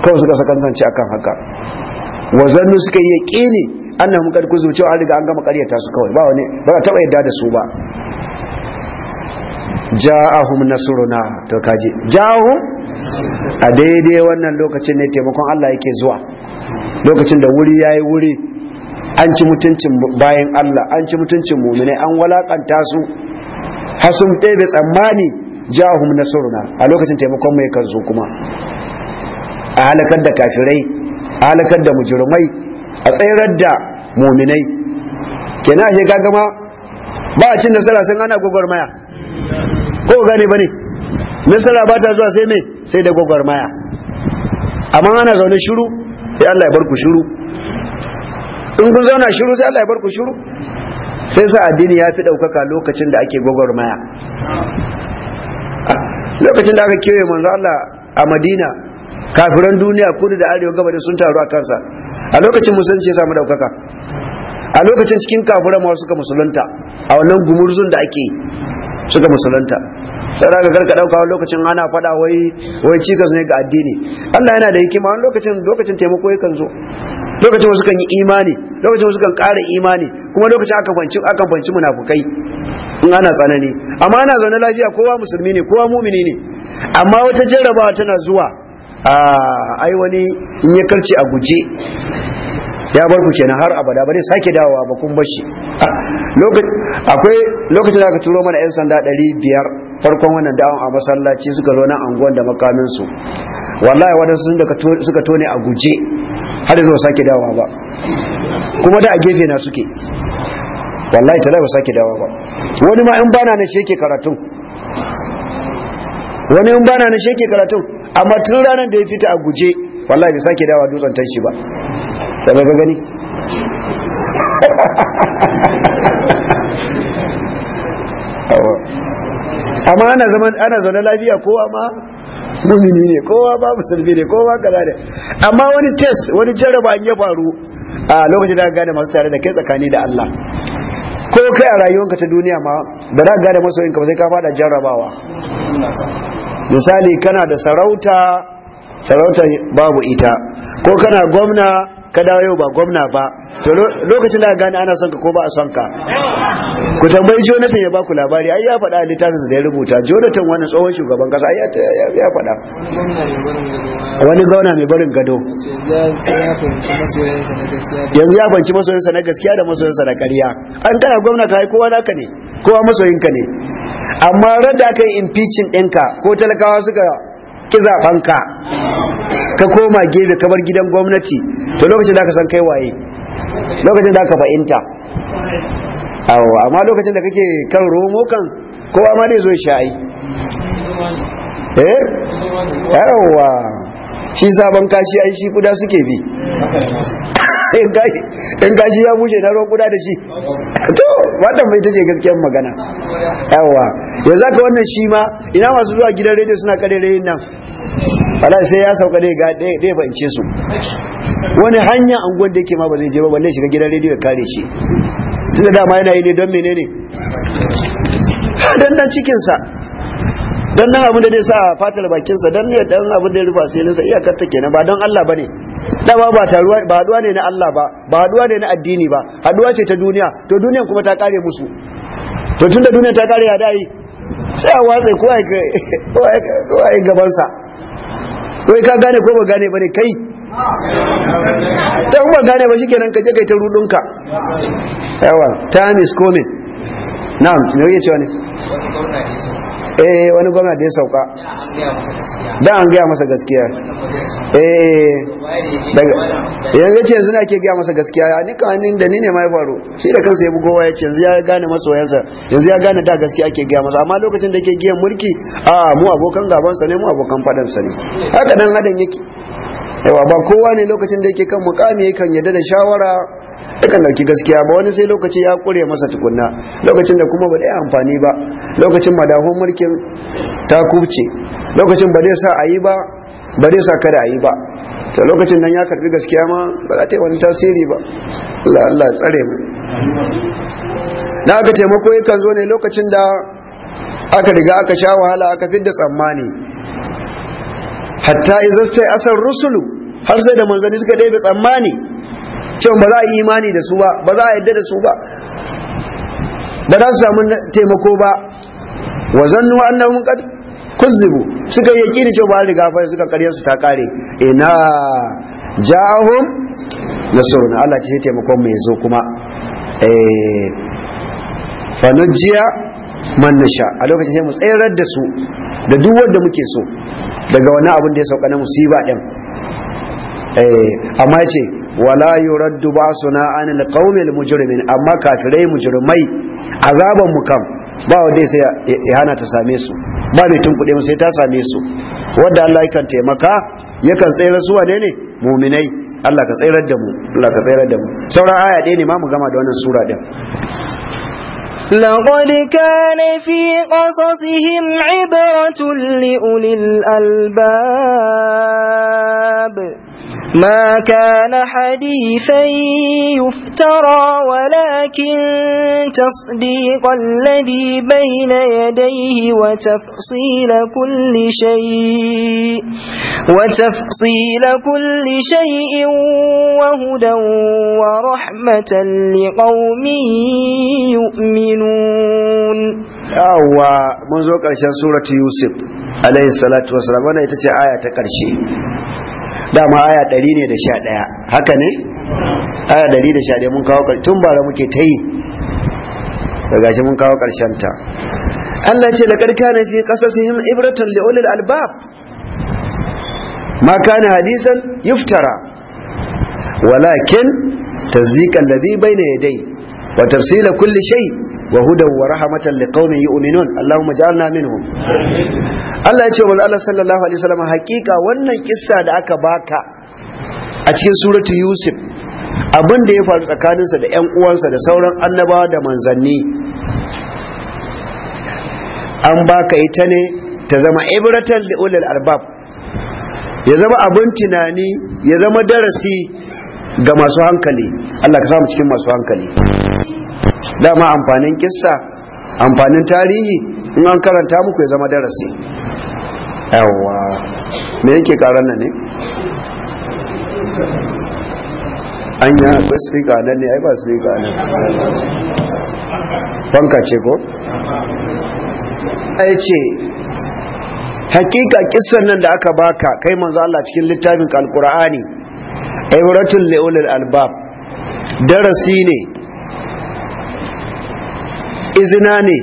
kawai suka saka kanci akan haka wa zannu suka yi yaqini annahum qad kuzu cewa an riga an gama ƙaryata su kawai ba wani ba ta taba yarda da su ba ja'ahum nasruna to kaje ja'ahum a daidai wannan lokacin ne taimakon Allah yake zuwa lokacin da wuri ya yi wuri an ci mutuncin bayan Allah an ci mutuncin mu'mine an walakanta su hasum ɗebe tsammani jahum nasuruna a lokacin taimakon mai kan zo kuma a halakar da kafirai a halakar da mujirmai a tsayar da mu'minai kenan na shi gagama ba a cin nasara sun ana gwagwarmaya ko gane ne? nasara ba ta zuwa sai me sai da gwagwarmaya amma ana zaune shiru sai Allah ya bar ku shiru in kun zauna shiru sai Allah ya bar ku shiru sai sa addini ya fi ɗaukaka lokacin da ake gwagwarmaya lokacin da aka kewaye manzo Allah a Madina kafiran duniya kudu da arewa gaba da sun taru a kansa a lokacin musulunci ya samu ɗaukaka a lokacin cikin kafiran ma suka musulunta a wannan gumurzun da ake suka musulunta sai daga garka dauka wani lokacin ana fada wai wai cikas ne ga addini Allah yana da hikima wani lokacin lokacin taimako yakan zo lokacin wasu kan yi imani lokacin wasu kan ƙara imani kuma lokacin aka banci aka banci munafukai in ana tsanani amma ana zaune lafiya kowa musulmi ne kowa mumini ne amma wata jarrabawa tana zuwa a ah, ai wani in ya karce a guje ya bar ku kenan har abada ba zai sake dawowa ba kun bashi ah, akwai lokacin da aka turo mana yan sanda 500 farkon wannan dawon a masallaci suka zo nan anguwan da makamin su wallahi wadansu suka tone a guje har yanzu sake dawowa ba kuma da a gefe na suke wallahi talai ba sake dawowa ba wani ma in bana na shi yake karatun wani in bana na shi yake karatun amma tun ranar da ya fita a guje wallahi bai sake dawowa dutsen tashi ba ta ga gani amma ana zama ana zaune lafiya kowa ma mumini ne kowa ba musulmi ne kowa kaza ne amma wani test wani jarraba ya faru a lokacin da gane masu tare da kai tsakani da Allah ko kai a rayuwanka ta duniya ma ba za ka gane masoyinka ba sai ka fada jarabawa misali kana da sarauta sarauta babu ita ko kana gwamna ka dawo yau ba gwamna ba to lokacin da gane ana son ka ko ba a son ka ku tambayi jonathan ya baku labari ai ya faɗa a littafin da ya rubuta jonathan wani tsohon shugaban kasa ai ya faɗa wani gauna mai barin gado yanzu ya masoyin sa na gaskiya da sa na ƙarya an tana gwamna ka ai kowa naka ne kowa masoyin ka ne amma rada kai impeaching ɗinka ko talakawa suka ki fanka. ka koma gefe kamar gidan gwamnati to lokacin da ka san kai waye lokacin da ka fahimta awo amma lokacin da kake kan romo kan kowa ma dai zo shi sha'ai eh yawa shi sabon kashi ai shi kuda suke bi in kashi ya bushe na roƙuda da shi to wannan bai tace gaskiyar magana yawa yanzu ka wannan shi ma ina masu zuwa gidan rediyo suna kare rayin nan wala sai ya sauka dai ga dai fahimce su wani hanya anguwan da yake ma ba zai je ba balle shiga gidan rediyo ya kare shi Tunda da dama yana yi ne don menene dan dan cikinsa dan nan abin da zai sa fatar bakinsa dan ne dan abin da ya rufa sai nasa iyakar ta kenan ba don Allah bane dama ba taruwa ba haduwa ne na Allah ba ba haduwa ne na addini ba haduwa ce ta duniya to duniyan kuma ta kare musu to tunda duniyan ta kare ya dai sai a watsa kowa ya gabansa wai ka gane ko ba gane bane kai ta ba gane ba shi kenan ka je kai ta rudunka yawa time is coming na'am me yake cewa ne eh wani gwamna da ya sauka da an gaya masa gaskiya eh daga yanzu ce yanzu na ke gaya masa gaskiya ya ni kanin da ni ne mai faru shi da kansa ya bugo waya ce yanzu ya gane masoyansa yanzu ya gane da gaskiya ake gaya masa amma lokacin da ke giya mulki a mu abokan gaban sa ne mu abokan fadan sa ne haka dan hadan yake yawa ba kowa ne lokacin da yake kan mukami kan yadda da shawara yakan dauki gaskiya ba wani sai lokaci ya kure masa tukunna lokacin da kuma ba dai amfani ba lokacin madahun mulkin ta kuce lokacin ba dai sa a yi ba ba dai sa kada a yi ba to lokacin nan ya karbi gaskiya ma ba za ta yi wani tasiri ba Allah Allah tsare mu na aka taimako yakan zo ne lokacin da aka riga aka sha wahala aka fidda tsammani hatta sai asar rusulu har sai da manzanni suka ɗebe tsammani cewa ba za a yi imani da su ba ba za a yadda da su ba ba za su samu taimako ba wa zannu annahum qad kuzzibu suka yi yakini cewa ba riga fa suka karya su ta kare ina ja'ahum nasrun Allah ce taimakon mu yazo kuma eh fa man nasha a lokacin sai mu tsayar da su da duk wanda muke so daga wani abin da ya sauka na musiba din Eh, amma ce wala yuraddu na an qaumil mujrimin amma kafirai mujrimai azaban mu kam ba wanda sai ya hana ta same su ba mai tunkuɗe mu sai ta same su wanda Allah yakan taimaka yakan tsayar su wane ne muminai Allah ka tsayar da mu Allah ka tsayar da mu sauran aya ɗaya ne ma mu gama da wannan sura din لقد كان في قصصهم عبرة لأولي الألباب ما كان حديثا يفترى ولكن تصديق الذي بين يديه وتفصيل كل شيء وتفصيل كل شيء وهدى ورحمة لقوم يؤمنون yawwa mun zo ƙarshen suratu yusuf alaihi salatu wasalam wannan ita ce aya ta ƙarshe dama aya ɗari ne da sha ɗaya haka ne aya ɗari da sha ɗaya mun kawo ƙarshen tun bara muke ta yi daga shi mun kawo ƙarshen ta Allah ce laƙar kasar fi ƙasasihim ibratun li'ulil albab ma Hadizan hadisan yuftara walakin tasdiqan na ya dai. wa tafsila kulli shai, wa huda wa rahmatan li qaumin yu'minun allahumma ja'alna minhum allah ya ce wa allah sallallahu alaihi wasallam haqiqa wannan kissa da aka baka a cikin surati yusuf abin ya faru tsakanin sa da ɗan uwansa da sauran annabawa da manzanni an baka ita ne ta zama ibratan li ulal albab ya zama abun tunani ya zama darasi ga masu hankali Allah ka samu cikin masu hankali dama amfanin kissa amfanin tarihi in an karanta muku ya zama darasi yawa me yake karan nan ne an yi akwai spika nan ne ai ba spika nan fanka ce ko? ai ce hakika kisan nan da aka baka kai manzo Allah cikin littafin alkur'ani ibratun li'ulil albab darasi ne izina ne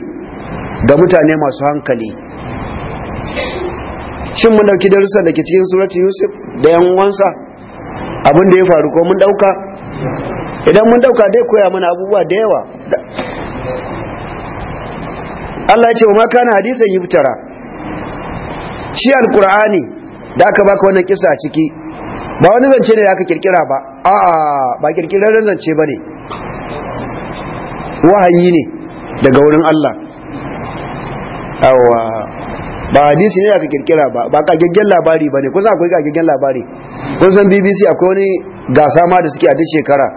ga mutane masu hankali shin mun dauki darussa da ke cikin suratun yusuf da yan wansa abin da ya faru ko mun dauka idan mun dauka dai koya mana abubuwa da yawa Allah ya ce wa makana hadisan yubtara shi alkur'ani da aka baka wannan kisa ciki ba wani zance ne da aka kirkira ba a ba kirkirarren zance ba ne wahayi ne daga wurin Allah awa ba hadisi ne aka kirkira ba ba kagaggen labari ba ne kusan akwai kagaggen labari kun san bbc akwai wani gasa ma da suke a duk shekara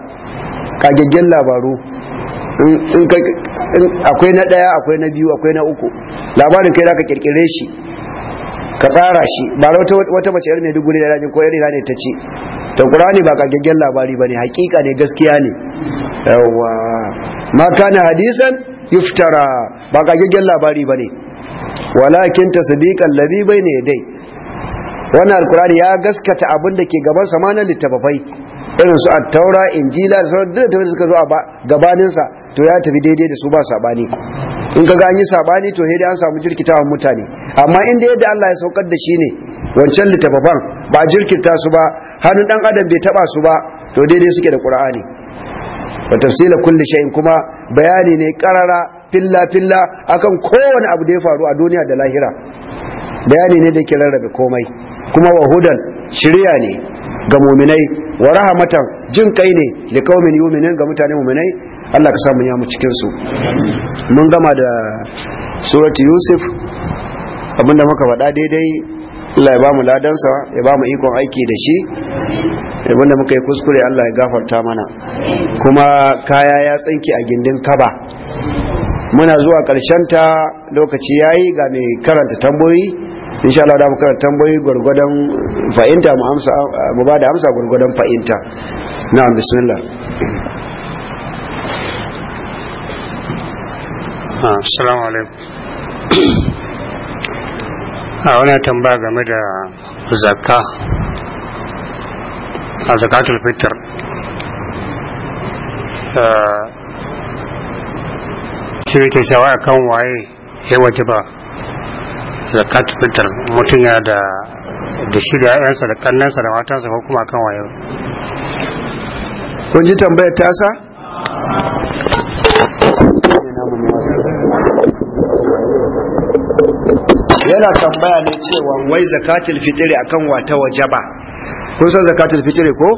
kagaggen labaru akwai na ɗaya akwai na biyu akwai na uku labarin kai da aka kirkire shi ka tsara shi ba wata mace yar ne da rani ko yar irani ta ce ta qur'ani ba kagaggen labari bane hakika ne gaskiya ne yawa ma kana hadisan yuftara ba kagaggen labari bane walakin tasdiqan ladhi bayna yadai wannan alqur'ani ya gaskata abin da ke gaban sa ma na littafai irin su a attaura injila da sauran duk da suka zo a gabaninsa to ya tafi daidai da su ba sabani in ka an yi sabani to dai an samu jirkitawan mutane amma inda yadda Allah ya saukar da shi ne wancan littafafan ba jirkita su ba hannun dan adam bai taba su ba to daidai suke da qur'ani wa tafsila kulli shay'in kuma bayani ne karara filla filla akan kowane abu da ya faru a duniya da lahira bayani ne da ke rarrabe komai kuma wahudan shirya ne ga muminai wa rahamatan jin kai ne da kaumin yuminin ga mutane muminai Allah ka samu ya cikin su mun gama da surati yusuf abinda muka faɗa daidai Allah ya bamu ladansa ya bamu ikon aiki da shi abinda muka yi kuskure Allah ya gafarta mana kuma kaya ya tsinki a gindin kaba muna zuwa ƙarshen ta lokaci yayi ga mai karanta tamboyi insha Allah da muka tambayi gurgudan fa'inta mu amsa mu ba da amsa gurgudan fa'inta na'am bismillah ah, assalamu alaikum a ah, wani tamba game da zakka a zakatul fitr ah, shi ke shawara kan waye ya wajaba zakat fitar mutum ya da da shirya yansa da kannansa da matansa ko kuma kan wayo kun ji tambayar tasa yana tambaya ne cewa wai zakatul fitri akan wata wajaba kun san zakatul fitri ko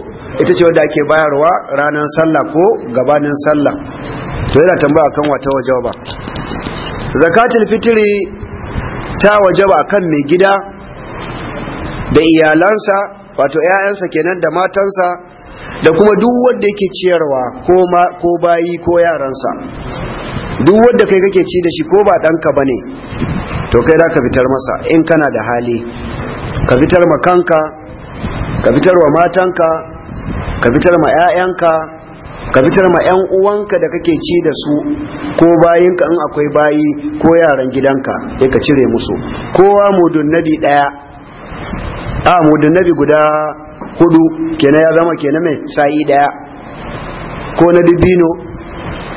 ita ce wadda ake bayarwa ranar sallah ko gabanin sallah to yana tambaya akan wata wajaba zakatul fitri ta wajaba kan mai gida da iyalansa wato 'ya'yansa kenan da matansa da kuma duk wanda yake ciyarwa ko bayi ko yaransa duk wanda kai kake ci da shi ko ba ɗanka ba ne to kai za ka fitar masa in kana da hali ka fitar ma kanka ka fitar wa matanka ka fitar ma 'ya'yanka ka fitar ma 'yan uwanka da kake ci da su ko bayinka in akwai bayi ko yaran gidanka ya ka cire musu kowa mudun nabi daya a mudun nabi guda hudu kenan ya zama kenan mai sa'i daya ko na dibino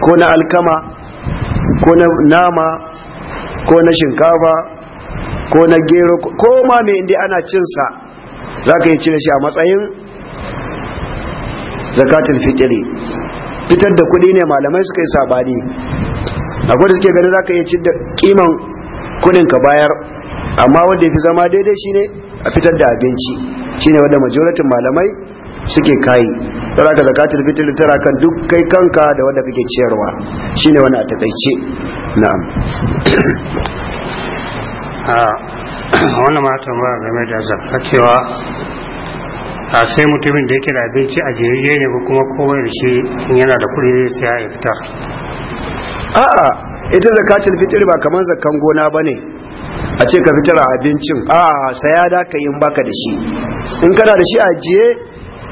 ko na alkama ko na nama ko na shinkafa ko na gero ko ma mai inda ana cinsa za ka yi cire shi a matsayin zakatun fitri fitar da kuɗi ne malamai suka yi sabani akwai da suke ganin za ka iya cin da kiman kuɗin ka bayar amma wanda ya fi zama daidai shine a fitar da abinci shine wanda majoratin malamai suke kayi don haka zakatul fitr tara kan duk kai kanka da wanda kake ciyarwa shine wani a takaice na'am a ah, wannan ma tambaya game da zakacewa a sai mutumin da yake da abinci a jirage ne ko kuma komai da shi in yana da kuɗi zai saya ya fitar a'a ita zakatul fitr ba kamar zakan gona bane a ce ka fitar abincin a saya da ka yin baka da shi in kana da shi a jiye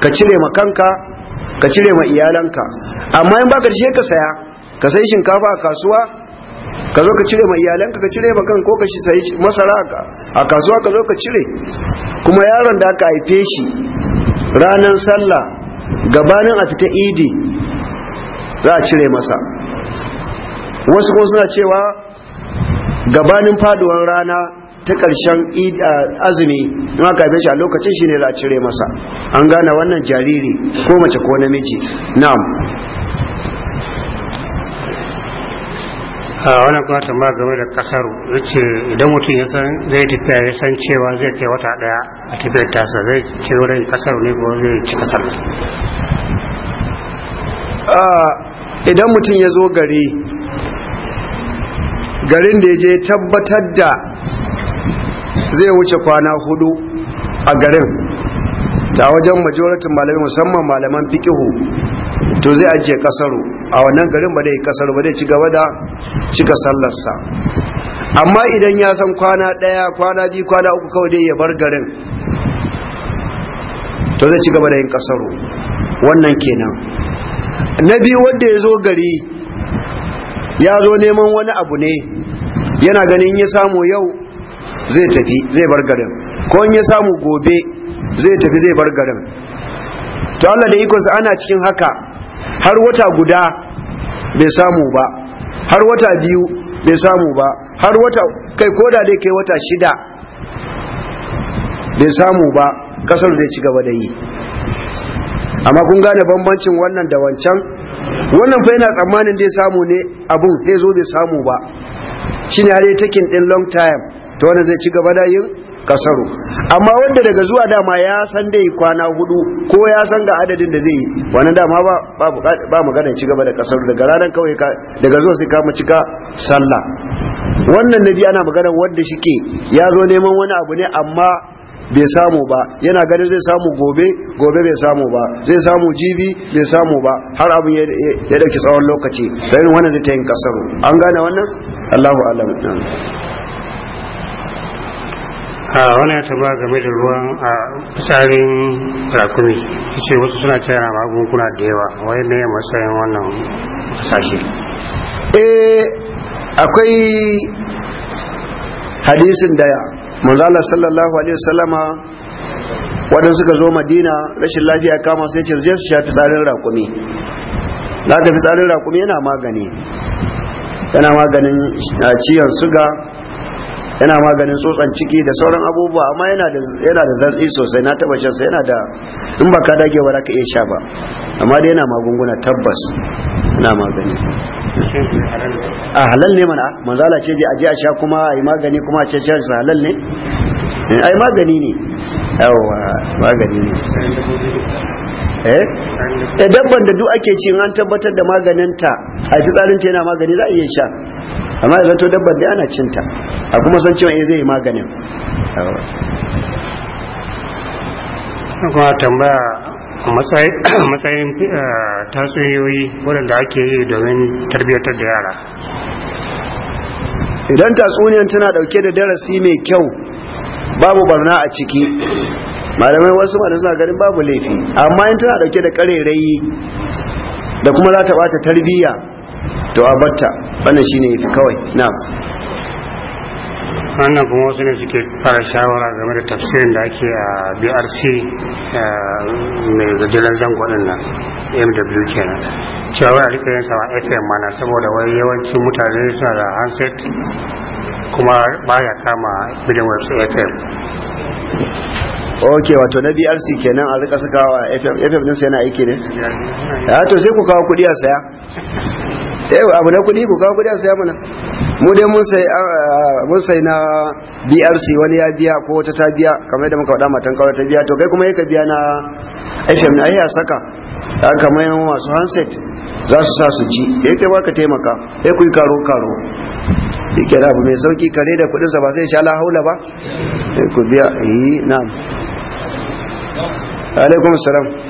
ka cire ma kanka ka cire ma iyalanka amma in baka da shi ka saya ka sai shinkafa a kasuwa ka zo ka cire ma iyalanka ka cire ma kanka ko ka sai masara a kasuwa ka zo ka cire kuma yaron da aka haife shi Ranan sallah gabanin a fita idi za a cire masa wasu kuma suna cewa gabanin faduwar rana ta ƙarshen azumi na aka haife shi a lokacin shine za a cire masa an gane wannan jariri ko mace ko namiji na'am a wannan kuma tamba game da kasar ce idan mutum ya san zai tafiya ya san cewa zai kai wata daya a tafiyar tasa zai ce wurin kasar ne ko zai ci kasar idan mutum ya zo gari garin da ya je tabbatar da zai wuce kwana hudu a garin ta wajen majoratin malamai musamman malaman fikihu to zai ajiye kasaro a wannan garin ba dai kasaro ba dai ci gaba da cika sallarsa amma idan ya san kwana daya kwana biyu kwana uku kawai dai ya bar garin to zai ci gaba da yin kasaro wannan kenan na biyu wanda ya zo gari ya zo neman wani abu ne yana ganin ya samu yau zai tafi zai bar garin ko in ya samu gobe zai tafi zai bar garin to Allah da ikonsa ana cikin haka har wata guda bai samu ba har wata biyu bai samu ba har wata kai koda dai kai wata shida bai samu ba kasar zai ci gaba da yi amma kun gane bambancin wannan da wancan wannan fa yana tsammanin dai samu ne abun zai zo bai samu ba shine har taking din long time to wannan zai ci gaba da yin kasaru amma wanda daga zuwa dama ya san dai kwana hudu ko ya san ga adadin da zai yi wannan dama ba ba magana ci gaba da kasaru daga ranar kawai daga zuwa sai kama cika sallah wannan nabi ana maganar wanda shike ya zo neman wani abu ne amma bai samu ba yana ganin zai samu gobe gobe bai samu ba zai samu jibi bai samu ba har abu ya dauki tsawon lokaci don wannan zai ta yin kasaru an gane wannan allahu alam a wani ya taba game da ruwan a tsarin rakumi ce wasu suna cewa magunguna da yawa wai ne matsayin wannan sashi eh akwai hadisin daya manzala sallallahu alaihi wasallama wadanda suka zo madina rashin lafiya kama sai ce zai su sha tsarin rakumi za ka fi tsarin rakumi yana magani yana maganin ciwon suga yana maganin tsotsan ciki da sauran abubuwa amma yana da yana zartsi sosai na taba shan sa yana da in ba ka dage ba ka iya sha ba amma dai yana magunguna tabbas yana magani a halal ne mana manzala ce je aje a sha kuma yi magani kuma a ce sha halal ne yi eh, magani ne yawa magani ne eh? eh dabban da duk ake cin an tabbatar da maganinta a fitsarinta yana magani za a iya sha amma da zanto dabbar da ana cinta a kuma san cewa eh zai yi maganin kuma tambaya matsayin eh, tasiriyoyi waɗanda ake yi domin tarbiyyar da yara idan tatsuniyar tana ɗauke da darasi mai kyau babu barna a ciki malamai wasu malamai suna ganin babu laifi amma in tana ɗauke da ƙarerayi da kuma za ta ɓata tarbiyya to a batta wannan shine yafi kawai na wannan kuma wasu ne suke fara shawara game da tafsirin da ake a brc eh, mai gajeren zangonin na mw kenan cewa wani a rika yin sawa fm mana saboda wai yawancin mutane suna da handset kuma baya kama bidan wasu fm ok wato na brc kenan a rika sakawa fm din yana aiki ne ya ah, to sai ku kawo kudi a saya yau eh, abu na kuɗi ku kawo kuɗi a saya mana mu dai mun sai na brc wani ya biya ko wata ta biya kamar yadda muka faɗa matan kawai ta biya to kai kuma yaka biya na fm na iya saka Dan kamar yawan masu handset za su sa su ji ya eh, kai baka taimaka ya eh, kuyi karo karo ya kira abu mai sauki kare da kuɗinsa ba sai sha la haula ba ku biya yi na alaikum salam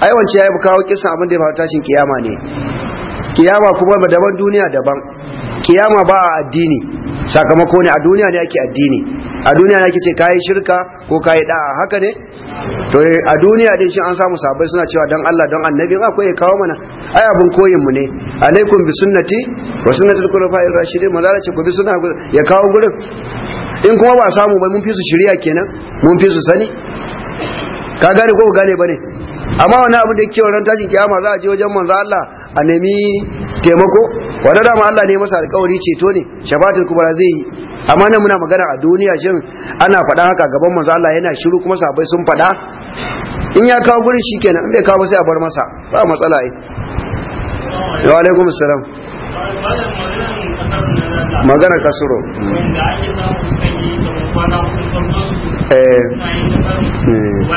ai wance ya yi kawo kisa abin da ya faru tashin kiyama ne kiyama kuma ba daban duniya daban kiyama ba a addini sakamako ne a duniya ne ake addini a duniya ne ake ce kai shirka ko kai da haka ne to a duniya din shi an samu sabai suna cewa dan Allah don annabi ba koyi ya kawo mana ai abun koyin mu ne alaikum bi sunnati wa sunnatul khulafa'ir rashidin mun ce ku bi sunna ya kawo gurin in kuma ba samu ba mun fi su shiriya kenan mun fi su sani ka gane ko gane bane amma wani abu da ke wannan tashin kiyama za a je wajen manzo Allah a nemi taimako wanda dama Allah ne masa alƙawari ceto ne shabatul kubra zai yi amma nan muna magana a duniya shin ana faɗa haka gaban manzo Allah yana shiru kuma sabai sun faɗa in ya kawo gurin shikenan in bai kawo sai a bar masa ba matsala ai wa magana kasuro Eh. Eh.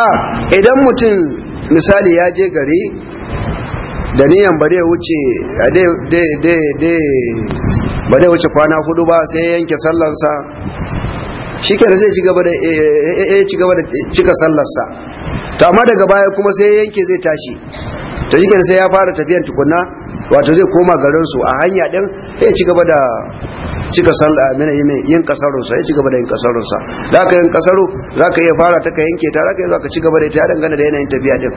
a ah, idan mutum misali ya je gari da niyan ba zai wuce ba zai wuce kwana hudu ba sai yanke sallansa shi kere zai eh, ci gaba da cika sallarsa to amma daga baya kuma sai yanke zai tashi to shi sai ya fara tafiyan tukunna wato zai koma garin su a hanya din ya ci gaba da cika sallah mina yin kasarun sa ya ci gaba da yin kasarun sa ka yin kasaru ka iya fara ta ka yanke ta za za ka ci gaba da ta dangane da yanayin tafiya din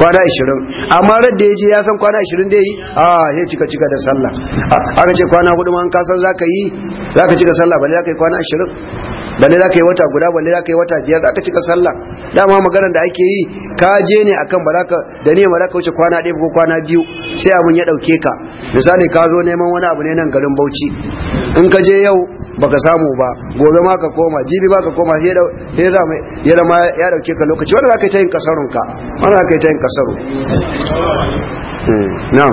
kwana 20 amma rar da yaje ya san kwana 20 da yi a ya cika cika da sallah aka ce kwana hudu ma an ka san ka yi za ka cika sallah balle ka yi kwana 20 balle ka yi wata guda balle ka yi wata biyar za ka cika sallah dama maganar da ake yi ka je je ne akan ba ka da ne ba ka wuce kwana ɗaya ko kwana biyu sai abun ya ɗauke ka misali ka zo neman wani abu ne nan garin Bauchi in ka je yau baka samu ba gobe ma ka koma jibi ma ka koma sai ya zama ya ma ya dauke ka lokaci wanda zaka yi ta yin kasarun ka wanda zaka yi ta yin kasaru eh, na'am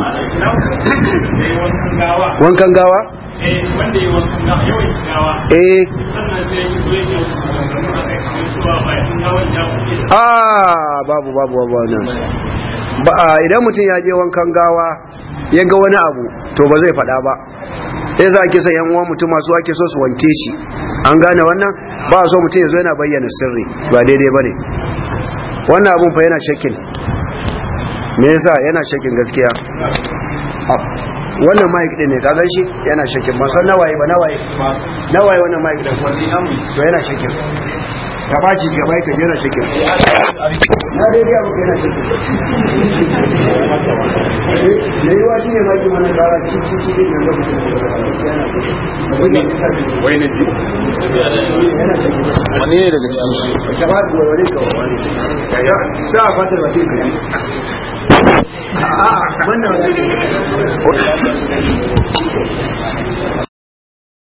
wankan gawa eh wanda yi wankan gawa eh sannan sai ya Ah, babu babu babu wannan ba ah, idan mutum ya je wankan gawa ya ga wani abu to ba zai faɗa ba sai za ki san yan uwa mutum masu wake so su wanke shi an gane wannan ba so mutum ya zo yana bayyana sirri ba daidai bane wannan abun fa yana shakin me yasa yana shakin gaskiya ah, wannan mic din ne ka gan shi yana shakin ban san nawaye ba nawaye nawaye wannan mic din to yana shakin ka ba shi gaba ka yana na dai dai abu cikin eh,